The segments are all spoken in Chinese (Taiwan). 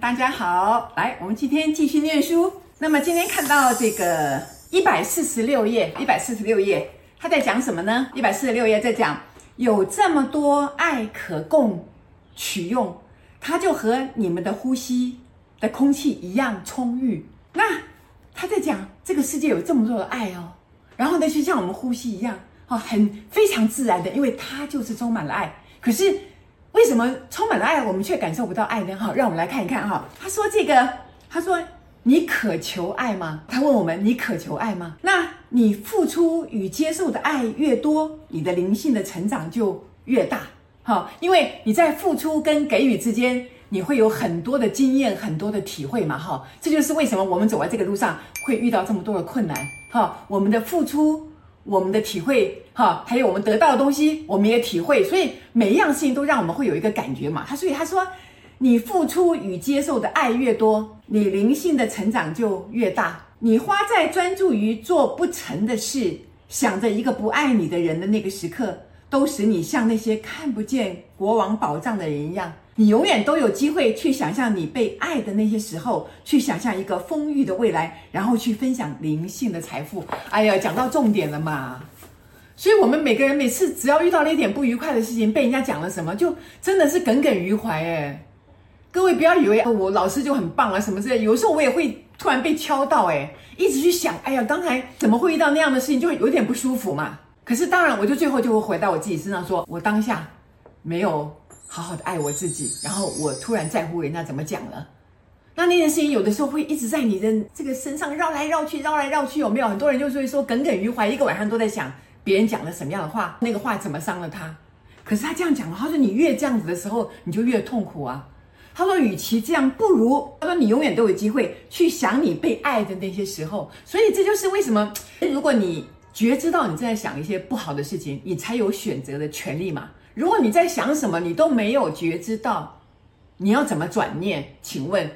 大家好，來，我們今天繼續念書。那麼今天看到這個一百四十六頁，一百四十六頁，他在講什麼呢？一百四十六頁在講，有這麼多愛可供取用，它就和你們的呼吸的空氣一樣充裕。那他在講這個世界有這麼多的愛哦，然後呢，就像我們呼吸一樣，哦，很非常自然的，因為它就是充滿了愛。可是。為什麼充滿了愛，我們卻感受不到愛呢？哈，讓我們來看一看哈。他說這個，他說你渴求愛嗎？他問我們，你渴求愛嗎？那你付出與接受的愛越多，你的靈性的成長就越大。哈，因為你在付出跟給予之間，你會有很多的經驗，很多的體會嘛。哈，這就是為什麼我們走在這個路上會遇到這麼多的困難。哈，我們的付出。我們的體會哈，還有我們得到的東西，我們也體會。所以每一樣事情都讓我們會有一個感覺嘛。他所以他說，你付出與接受的愛越多，你靈性的成長就越大。你花在專注於做不成的事，想着一個不愛你的人的那個時刻，都使你像那些看不見國王寶藏的人一樣。你永遠都有機會去想象你被愛的那些時候，去想象一個豐裕的未來，然後去分享靈性的財富。哎呀，講到重點了嘛！所以，我們每個人每次只要遇到了一點不愉快的事情，被人家講了什麼，就真的是耿耿於懷，欸。哎，各位不要以為我老師就很棒啊什麼之類的。有時候我也會突然被敲到，欸，哎，一直去想，哎呀，剛才怎麼會遇到那樣的事情，就有點不舒服嘛。可是，當然，我就最後就會回到我自己身上說，說我當下沒有。好好的愛我自己，然後我突然在乎人家怎麼講了，那那件事情有的時候會一直在你的這個身上繞來繞去，繞來繞去，有沒有很多人就是會說耿耿於懷，一個晚上都在想別人講了什麼樣的話，那個話怎麼傷了他？可是他這樣講了，他說你越這樣子的時候，你就越痛苦啊。他說，與其這樣，不如他說你永遠都有機會去想你被愛的那些時候。所以這就是為什麼，如果你覺知到你正在想一些不好的事情，你才有選擇的權利嘛。如果你在想什麼，你都沒有覺知到，你要怎麼轉念？請問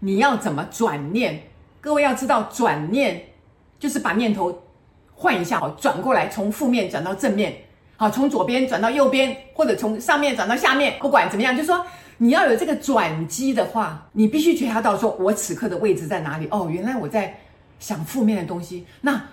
你要怎麼轉念？各位要知道，轉念就是把念頭換一下，好，轉過來，從負面轉到正面，好，從左邊轉到右邊，或者從上面轉到下面，不管怎麼樣，就說你要有這個轉機的話，你必須覺察到說，我此刻的位置在哪裡？哦，原來我在想負面的東西，那。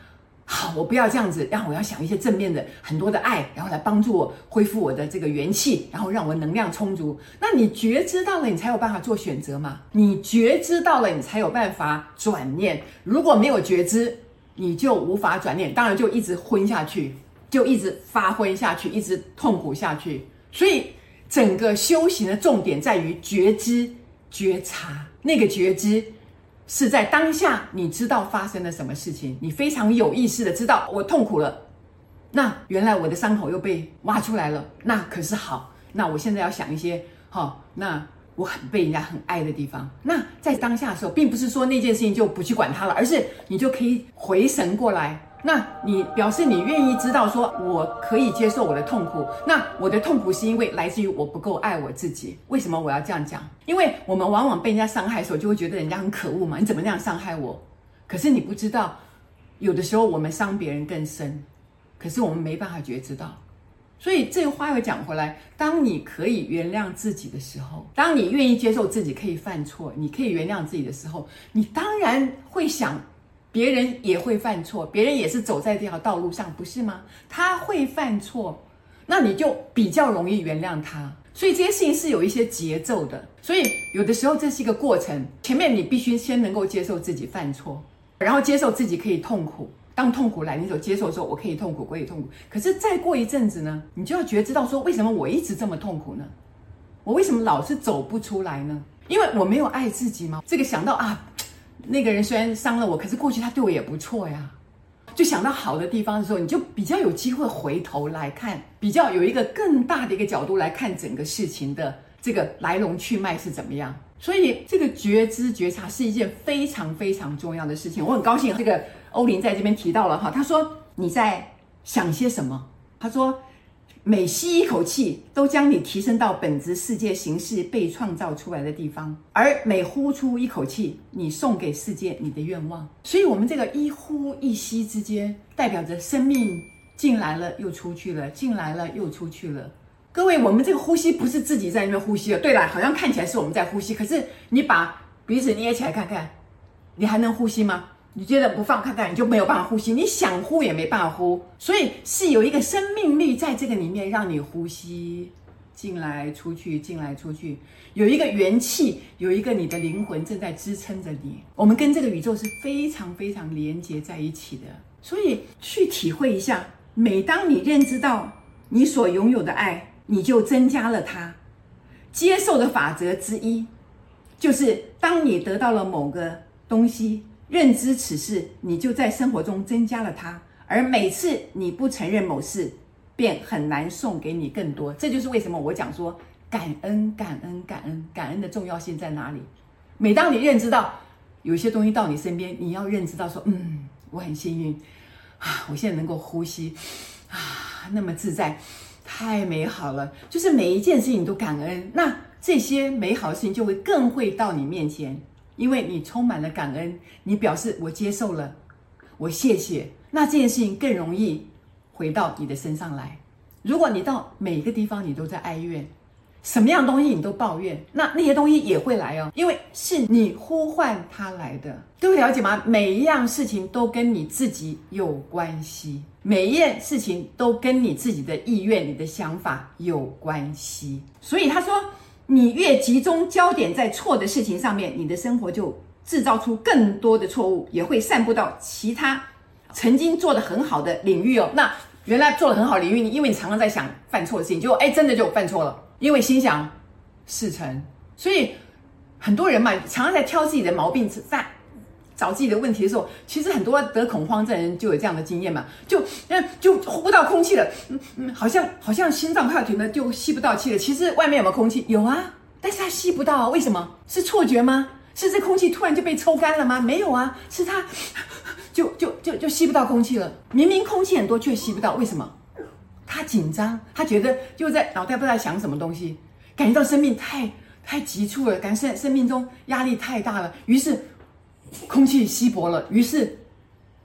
好，我不要這樣子，讓我要想一些正面的，很多的愛，然後來幫助我恢復我的這個元氣，然後讓我能量充足。那你覺知到了，你才有辦法做選擇嘛？你覺知到了，你才有辦法轉念。如果沒有覺知，你就無法轉念，當然就一直昏下去，就一直發昏下去，一直痛苦下去。所以，整個修行的重點在於覺知、覺察，那個覺知是在當下，你知道發生了什麼事情，你非常有意識的知道我痛苦了。那原來我的傷口又被挖出來了，那可是好。那我現在要想一些，好、哦、那我很被人家很愛的地方。那在當下的時候，並不是說那件事情就不去管它了，而是你就可以回神過來。那你表示你願意知道，說我可以接受我的痛苦。那我的痛苦是因為來自於我不夠愛我自己。為什麼我要這樣講？因為我們往往被人家傷害的時候，就會覺得人家很可惡嘛，你怎麼那樣傷害我？可是你不知道，有的時候我們傷別人更深，可是我們沒辦法覺知到。所以這個話又講回來，當你可以原諒自己的時候，當你願意接受自己可以犯錯，你可以原諒自己的時候，你當然會想。別人也會犯錯，別人也是走在這條道路上，不是嗎？他會犯錯，那你就比較容易原諒他。所以這些事情是有一些節奏的，所以有的時候，這是一個過程。前面你必須先能夠接受自己犯錯，然後接受自己可以痛苦。當痛苦來，你所接受的時候，我可以痛苦，我可以痛苦。可是再過一陣子呢，你就要覺知到說，為什麼我一直這麼痛苦呢？我為什麼老是走不出來呢？因為我沒有愛自己嗎？這個想到啊。那個人雖然傷了我，可是過去他對我也不錯呀。就想到好的地方的時候，你就比較有機會回頭來看，比較有一個更大的一個角度來看整個事情的這個來龍去脈是怎麼樣。所以這個覺知覺察是一件非常非常重要的事情。我很高興這個歐林在這邊提到了哈，他說你在想些什麼？他說。每吸一口氣，都將你提升到本質世界形式被創造出來的地方；而每呼出一口氣，你送給世界你的願望。所以，我們這個一呼一吸之間，代表着生命進來了又出去了，進來了又出去了。各位，我們這個呼吸不是自己在那邊呼吸的。對啦，好像看起來是我們在呼吸，可是你把鼻子捏起來看看，你還能呼吸嗎？你覺得不放開它，你就沒有辦法呼吸，你想呼也沒辦法呼，所以是有一個生命力在這個裡面讓你呼吸進來、出去，進來、出去，有一個元氣，有一個你的靈魂正在支撐着你。我們跟這個宇宙是非常非常連接在一起的，所以去體會一下，每當你認知到你所擁有的愛，你就增加了它。接受的法則之一，就是當你得到了某個東西。認知此事，你就在生活中增加了它；而每次你不承認某事，便很難送給你更多。這就是為什麼我講說感恩、感恩、感恩、感恩的重要性在哪裡。每當你認知到有些東西到你身邊，你要認知到說：“嗯，我很幸運啊，我現在能夠呼吸啊，那麼自在，太美好了。”就是每一件事情你都感恩，那這些美好的事情就會更會到你面前。因為你充滿了感恩，你表示我接受了，我謝謝，那這件事情更容易回到你的身上來。如果你到每一個地方你都在哀怨，什麼樣東西你都抱怨，那那些東西也會來哦，因為是你呼喚它來的，都了解嗎？每一樣事情都跟你自己有關係，每一件事情都跟你自己的意願、你的想法有關係，所以他說。你越集中焦點在錯的事情上面，你的生活就製造出更多的錯誤，也會散布到其他曾經做的很好的領域哦。那原來做的很好的領域，你因為你常常在想犯錯的事情，就哎真的就犯錯了，因為心想事成。所以很多人嘛，常常在挑自己的毛病吃飯，找自己的問題的時候，其實很多得恐慌症人就有這樣的經驗嘛，就那就呼不到空氣了，嗯嗯，好像好像心臟快要停了，就吸不到氣了。其實外面有沒有空氣？有啊，但是他吸不到啊，為什麼？是錯覺嗎？是這空氣突然就被抽乾了嗎？沒有啊，是他就就就就吸不到空氣了。明明空氣很多，卻吸不到，為什麼？他緊張，他覺得就在腦袋不知道在想什麼東西，感覺到生命太太急促了，感覺生生命中壓力太大了，於是。空氣稀薄了，於是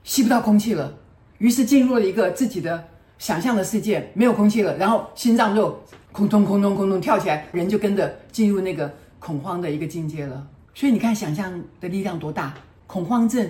吸不到空氣了，於是進入了一個自己的想象的世界，沒有空氣了，然後心臟就空洞空洞空洞跳起來，人就跟着進入那個恐慌的一個境界了。所以你看，想象的力量多大！恐慌症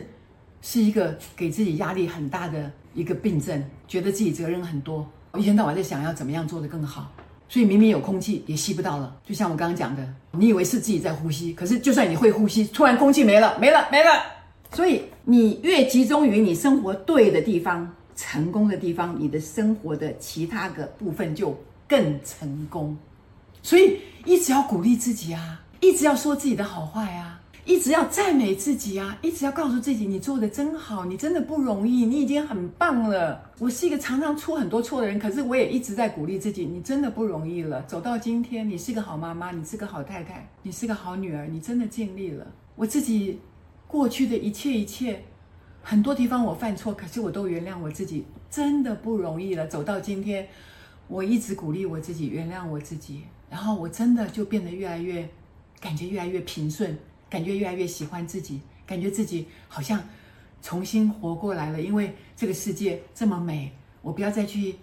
是一個給自己壓力很大的一個病症，覺得自己責任很多，我一天到晚在想要怎麼樣做得更好。所以明明有空氣也吸不到了，就像我剛剛講的，你以為是自己在呼吸，可是就算你會呼吸，突然空氣沒了，沒了，沒了。所以你越集中於你生活對的地方，成功的地方，你的生活的其他的部分就更成功。所以一直要鼓勵自己啊，一直要說自己的好話呀、啊。一直要讚美自己啊！一直要告訴自己，你做得真好，你真的不容易，你已經很棒了。我是一個常常出很多錯的人，可是我也一直在鼓勵自己，你真的不容易了。走到今天，你是個好媽媽，你是個好太太，你是個好女兒，你真的盡力了。我自己過去的一切一切，很多地方我犯錯，可是我都原諒我自己，真的不容易了。走到今天，我一直鼓勵我自己，原諒我自己，然後我真的就變得越來越，感覺越來越平順。感覺越來越喜歡自己，感覺自己好像重新活過來了。因為這個世界這麼美，我不要再去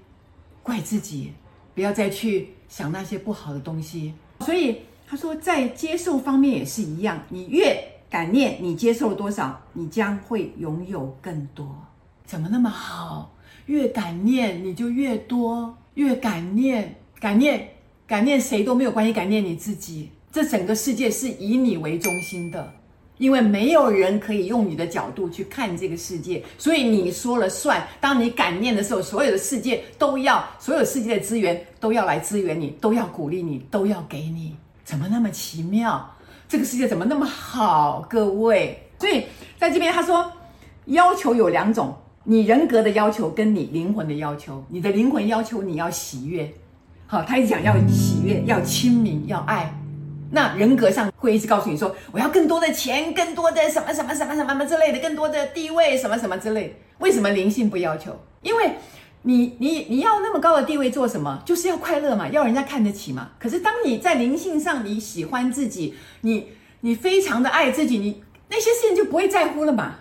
怪自己，不要再去想那些不好的東西。所以他說，在接受方面也是一樣，你越感念，你接受了多少，你將會擁有更多。怎麼那麼好？越感念你就越多，越感念，感念，感念誰都沒有關係，感念你自己。這整個世界是以你為中心的，因為沒有人可以用你的角度去看這個世界，所以你說了算。當你感念的時候，所有的世界都要，所有世界的資源都要來支援你，都要鼓勵你，都要給你。怎麼那麼奇妙？這個世界怎麼那麼好？各位，所以在這邊他說，要求有兩種：你人格的要求跟你靈魂的要求。你的靈魂要求你要喜悅，好，他也講要喜悅，要親民，要愛。那人格上會一直告訴你說，我要更多的錢，更多的什麼什麼什麼什麼之類的，更多的地位，什麼什麼之類的。為什麼靈性不要求？因為你，你你你要那麼高的地位做什麼？就是要快樂嘛，要人家看得起嘛。可是當你在靈性上你喜歡自己，你你非常的愛自己，你那些事情就不會在乎了嘛。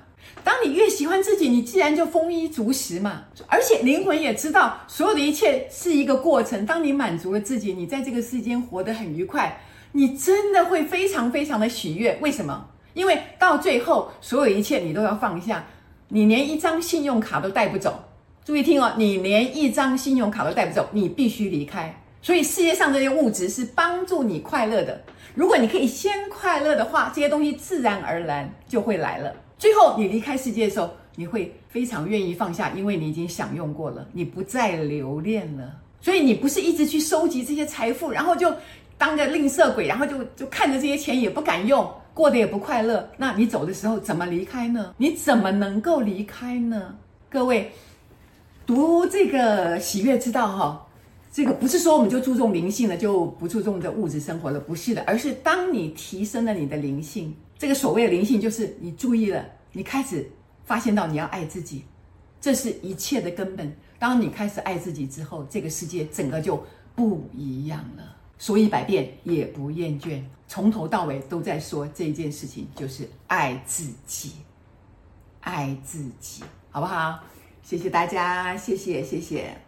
當你越喜歡自己，你自然就豐衣足食嘛。而且靈魂也知道，所有的一切是一個過程。當你滿足了自己，你在這個世間活得很愉快。你真的會非常非常的喜悅，為什麼？因為到最後，所有一切你都要放下，你連一張信用卡都帶不走。注意聽哦，你連一張信用卡都帶不走，你必須離開。所以，世界上這些物質是幫助你快樂的。如果你可以先快樂的話，這些東西自然而然就會來了。最後，你離開世界的時候，你會非常願意放下，因為你已經享用過了，你不再留戀了。所以，你不是一直去收集這些財富，然後就……當個吝嗇鬼，然後就就看着這些錢也不敢用，過得也不快樂。那你走的時候怎麼離開呢？你怎麼能夠離開呢？各位，讀這個喜悅之道哈、哦，這個不是說我們就注重靈性了就不注重這物質生活了，不是的，而是當你提升了你的靈性，這個所謂的靈性就是你注意了，你開始發現到你要愛自己，這是一切的根本。當你開始愛自己之後，這個世界整個就不一樣了。說一百遍也不厭倦，從頭到尾都在說這件事情，就是愛自己，愛自己，好不好？謝謝大家，謝謝，謝謝。